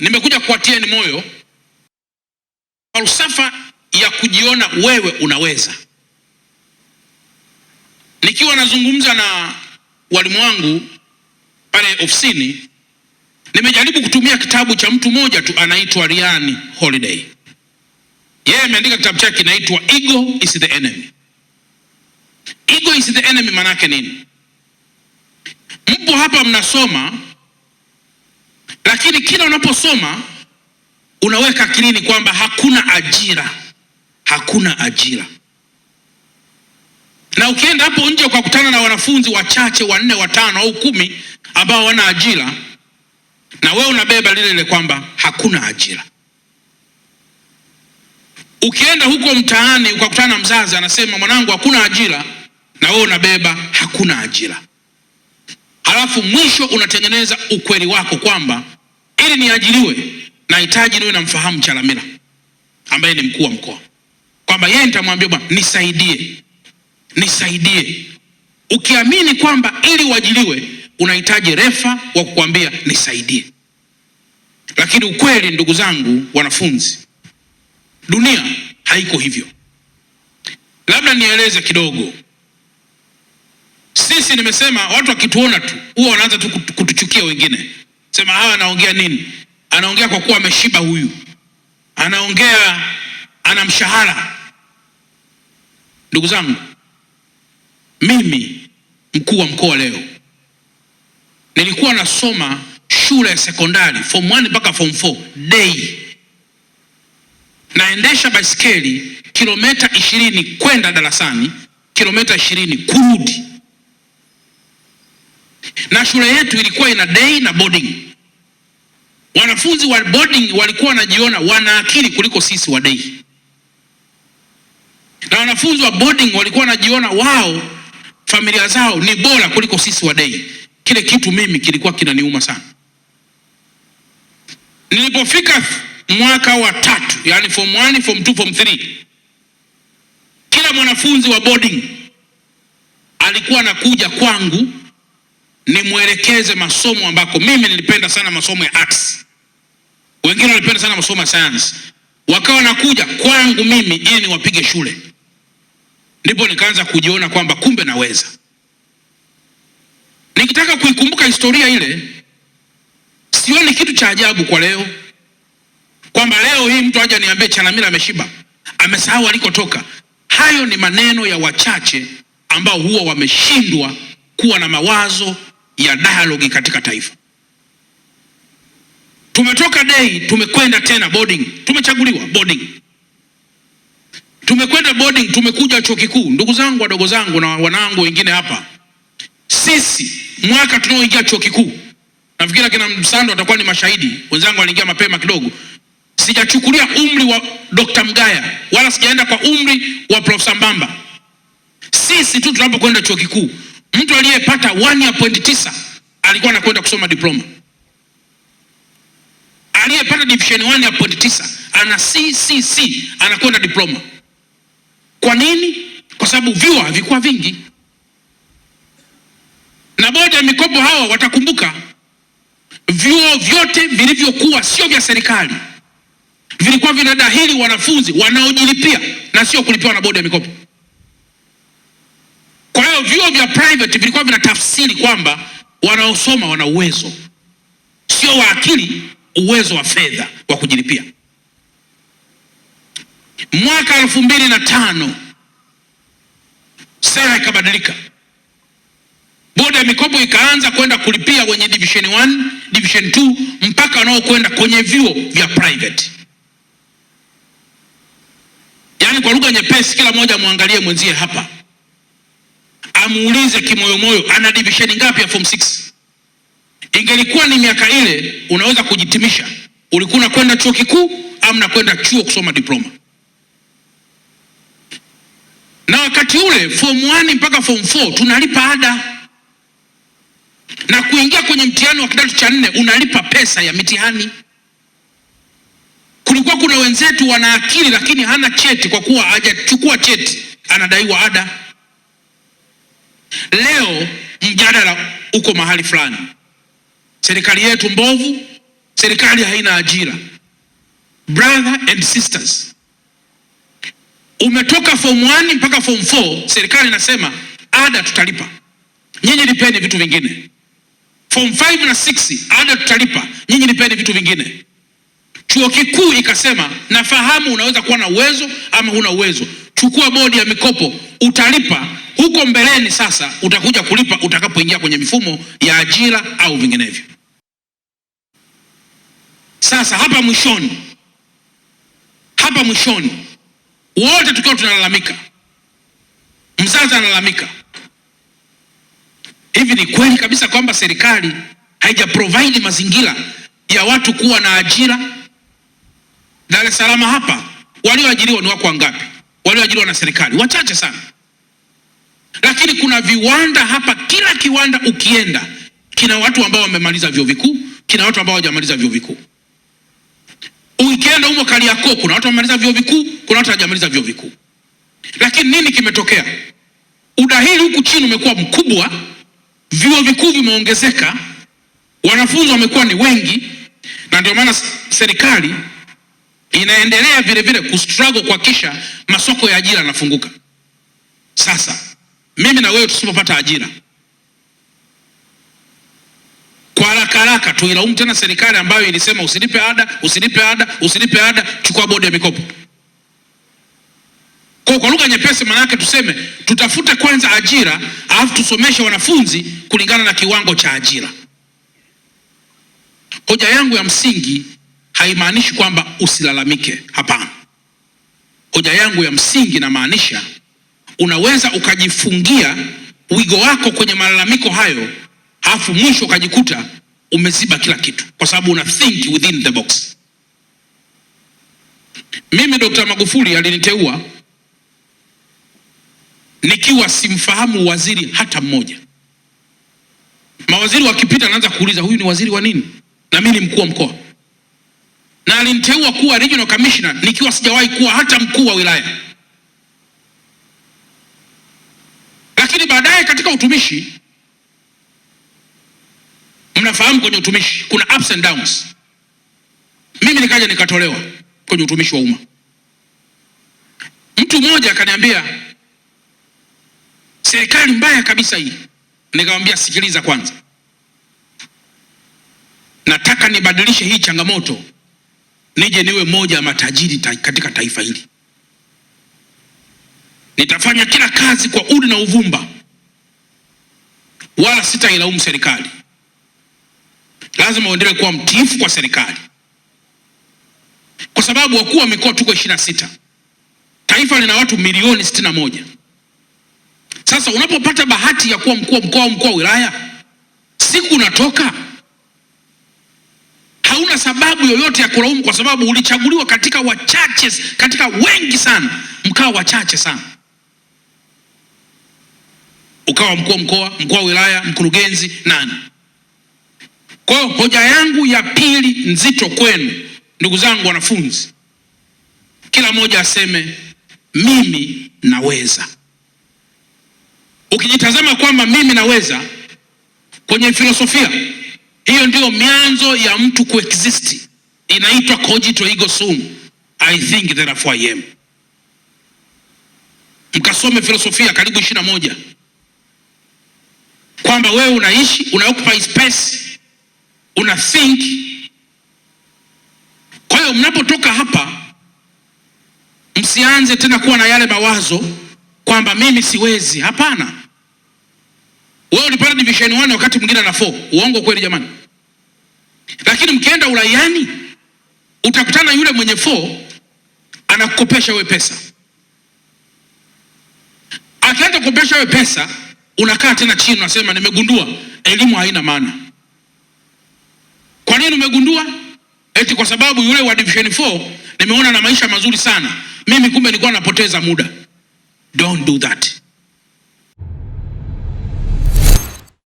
Nimekuja kuwatieni moyo falsafa ya kujiona wewe unaweza. Nikiwa nazungumza na walimu wangu pale ofisini, nimejaribu kutumia kitabu cha mtu mmoja tu anaitwa Ryan Holiday. Yeye ameandika kitabu chake kinaitwa Ego is the enemy. Ego is the enemy, maana nini? Mpo hapa mnasoma lakini kila unaposoma unaweka akilini kwamba hakuna ajira, hakuna ajira. Na ukienda hapo nje ukakutana na wanafunzi wachache wanne, watano au kumi ambao wana ajira, na wewe unabeba lile lile kwamba hakuna ajira. Ukienda huko mtaani ukakutana na mzazi anasema, mwanangu, hakuna ajira, na wewe unabeba hakuna ajira. Halafu mwisho unatengeneza ukweli wako kwamba ili niajiriwe nahitaji niwe namfahamu Chalamila ambaye ni mkuu wa mkoa, kwamba yeye nitamwambia bwana, nisaidie, nisaidie. Ukiamini kwamba ili uajiriwe unahitaji refa wa kukwambia nisaidie. Lakini ukweli, ndugu zangu wanafunzi, dunia haiko hivyo. Labda nieleze kidogo. Sisi nimesema watu wakituona tu huwa wanaanza tu kutuchukia wengine sema hawa anaongea nini? Anaongea kwa kuwa ameshiba huyu, anaongea ana mshahara. Ndugu zangu, mimi mkuu wa mkoa leo nilikuwa nasoma shule ya sekondari form 1 mpaka form 4 day, naendesha baisikeli kilomita ishirini kwenda darasani, kilomita ishirini kurudi, na shule yetu ilikuwa ina day na boarding Wanafunzi wa boarding walikuwa wanajiona wana akili kuliko sisi wa day, na wanafunzi wa boarding walikuwa wanajiona wao familia zao ni bora kuliko sisi wa day. Kile kitu mimi kilikuwa kinaniuma sana. Nilipofika mwaka wa tatu, yani form 1, form 2, form 3, kila mwanafunzi wa boarding alikuwa anakuja kwangu nimwelekeze masomo ambako mimi nilipenda sana masomo ya arts. Wengine walipenda sana kusoma sayansi, wakawa nakuja kwangu mimi ili niwapige shule. Ndipo nikaanza kujiona kwamba kumbe naweza. Nikitaka kuikumbuka historia ile, sioni kitu cha ajabu kwa leo kwamba leo hii mtu aje niambie Chalamila ameshiba, amesahau alikotoka. Hayo ni maneno ya wachache ambao huwa wameshindwa kuwa na mawazo ya dialogi katika taifa. Tumetoka dei tumekwenda tena boarding, tumechaguliwa boarding, tumekwenda boarding, tumekuja chuo kikuu. Ndugu zangu wadogo zangu na wanangu wengine hapa, sisi mwaka tunaoingia chuo kikuu, nafikiri kina Msando atakuwa ni mashahidi, wenzangu waliingia mapema kidogo. Sijachukulia umri wa Dr. Mgaya wala sijaenda kwa umri wa Profesa Mbamba. Sisi tu tunapokwenda chuo kikuu, mtu aliyepata 1.9 alikuwa anakwenda kusoma diploma aliyepata division 1 ya point 9 ana CCC anakwenda diploma. Kwa nini? Kwa sababu vyuo havikuwa vingi, na bodi ya mikopo hawa watakumbuka vyuo vyote vilivyokuwa sio vya serikali vilikuwa vinadahili wanafunzi wanaojilipia na sio kulipiwa na bodi ya mikopo. Kwa hiyo vyuo vya private vilikuwa vinatafsiri kwamba wanaosoma wana uwezo, sio wa akili uwezo wa fedha wa kujilipia. Mwaka elfu mbili na tano sera ikabadilika, bodi ya mikopo ikaanza kwenda kulipia wenye division 1, division 2 mpaka wanaokwenda kwenye vyuo vya private. Yaani kwa lugha nyepesi, kila mmoja mwangalie mwenzie hapa, amuulize kimoyomoyo, ana divisheni ngapi ya form 6? Ingelikuwa ni miaka ile, unaweza kujitimisha, ulikuwa unakwenda chuo kikuu au unakwenda chuo kusoma diploma. Na wakati ule form 1 mpaka form 4 tunalipa ada, na kuingia kwenye mtihani wa kidato cha nne unalipa pesa ya mitihani. Kulikuwa kuna wenzetu wana akili lakini hana cheti, kwa kuwa hajachukua cheti anadaiwa ada. Leo mjadala uko mahali fulani. Serikali yetu mbovu, serikali haina ajira. Brother and sisters, umetoka form 1 mpaka form 4, serikali inasema ada tutalipa, nyinyi lipeni vitu vingine. Form 5 na 6, ada tutalipa, nyinyi lipeni vitu vingine. Chuo kikuu ikasema, nafahamu unaweza kuwa na uwezo ama huna uwezo, chukua bodi ya mikopo, utalipa huko mbeleni sasa utakuja kulipa utakapoingia kwenye mifumo ya ajira au vinginevyo. Sasa hapa mwishoni, hapa mwishoni wote tukiwa tunalalamika, mzazi analalamika, hivi ni kweli kabisa kwamba serikali haija provide mazingira ya watu kuwa na ajira? Dar es Salaam hapa walioajiriwa ni wako wangapi? Walioajiriwa na serikali wachache sana. Lakini kuna viwanda hapa, kila kiwanda ukienda kina watu ambao wamemaliza vyuo vikuu, kina watu ambao hawajamaliza vyuo vikuu. Ukienda humo Kariakoo, kuna watu wamemaliza vyuo vikuu, kuna watu hawajamaliza vyuo vikuu. Lakini nini kimetokea? Udahili huku chini umekuwa mkubwa, vyuo vikuu vimeongezeka, wanafunzi wamekuwa ni wengi, na ndio maana serikali inaendelea vile vile kustruggle kuhakikisha masoko ya ajira yanafunguka. Sasa mimi na wewe tusipopata ajira kwa haraka haraka tuilaumu tena serikali ambayo ilisema usilipe ada, usilipe ada, usilipe ada, chukua bodi ya mikopo. Kwa kwa lugha nyepesi, maana yake tuseme tutafute kwanza ajira, alafu tusomeshe wanafunzi kulingana na kiwango cha ajira. Hoja yangu ya msingi haimaanishi kwamba usilalamike, hapana. Hoja yangu ya msingi namaanisha unaweza ukajifungia wigo wako kwenye malalamiko hayo, alafu mwisho ukajikuta umeziba kila kitu, kwa sababu una think within the box. Mimi Dr. Magufuli aliniteua nikiwa simfahamu waziri hata mmoja. Mawaziri wakipita, naanza kuuliza huyu ni waziri wa nini, na mimi ni mkuu wa mkoa, na aliniteua kuwa regional commissioner nikiwa sijawahi kuwa hata mkuu wa wilaya. baadaye katika utumishi, mnafahamu kwenye utumishi kuna ups and downs. Mimi nikaja nikatolewa kwenye utumishi wa umma. Mtu mmoja akaniambia serikali mbaya kabisa hii. Nikamwambia sikiliza kwanza, nataka nibadilishe hii changamoto, nije niwe moja ya matajiri ta katika taifa hili. Nitafanya kila kazi kwa udi na uvumba wala sitailaumu serikali. Lazima uendelee kuwa mtiifu kwa serikali, kwa sababu wakuu wa mikoa tuko ishirini na sita, taifa lina watu milioni sitini na moja. Sasa unapopata bahati ya kuwa mkuu wa mkoa au mkuu wa wilaya, siku unatoka hauna sababu yoyote ya kulaumu, kwa sababu ulichaguliwa katika wachache, katika wengi sana, mkaa wachache sana ukawa mkuu wa mkoa, mkuu wa wilaya, mkurugenzi, nani? Kwa hiyo hoja yangu ya pili nzito kwenu, ndugu zangu wanafunzi, kila mmoja aseme mimi naweza. Ukijitazama kwamba mimi naweza kwenye filosofia hiyo, ndiyo mianzo ya mtu kuexisti, inaitwa cogito ego sum, I think therefore I am. Mkasome filosofia karibu ishirini na moja kwamba wewe unaishi una occupy space, una think. Kwa hiyo mnapotoka hapa, msianze tena kuwa na yale mawazo kwamba mimi siwezi. Hapana, wewe ulipata division 1 wakati mwingine na 4. Uongo kweli jamani? Lakini mkienda ulaiani utakutana yule mwenye 4 anakukopesha wewe pesa, akianza kukopesha wewe pesa unakaa tena chini unasema nimegundua elimu haina maana. Kwa nini umegundua? Eti kwa sababu yule wa division 4 nimeona na maisha mazuri sana, mimi kumbe nilikuwa napoteza muda. Don't do that.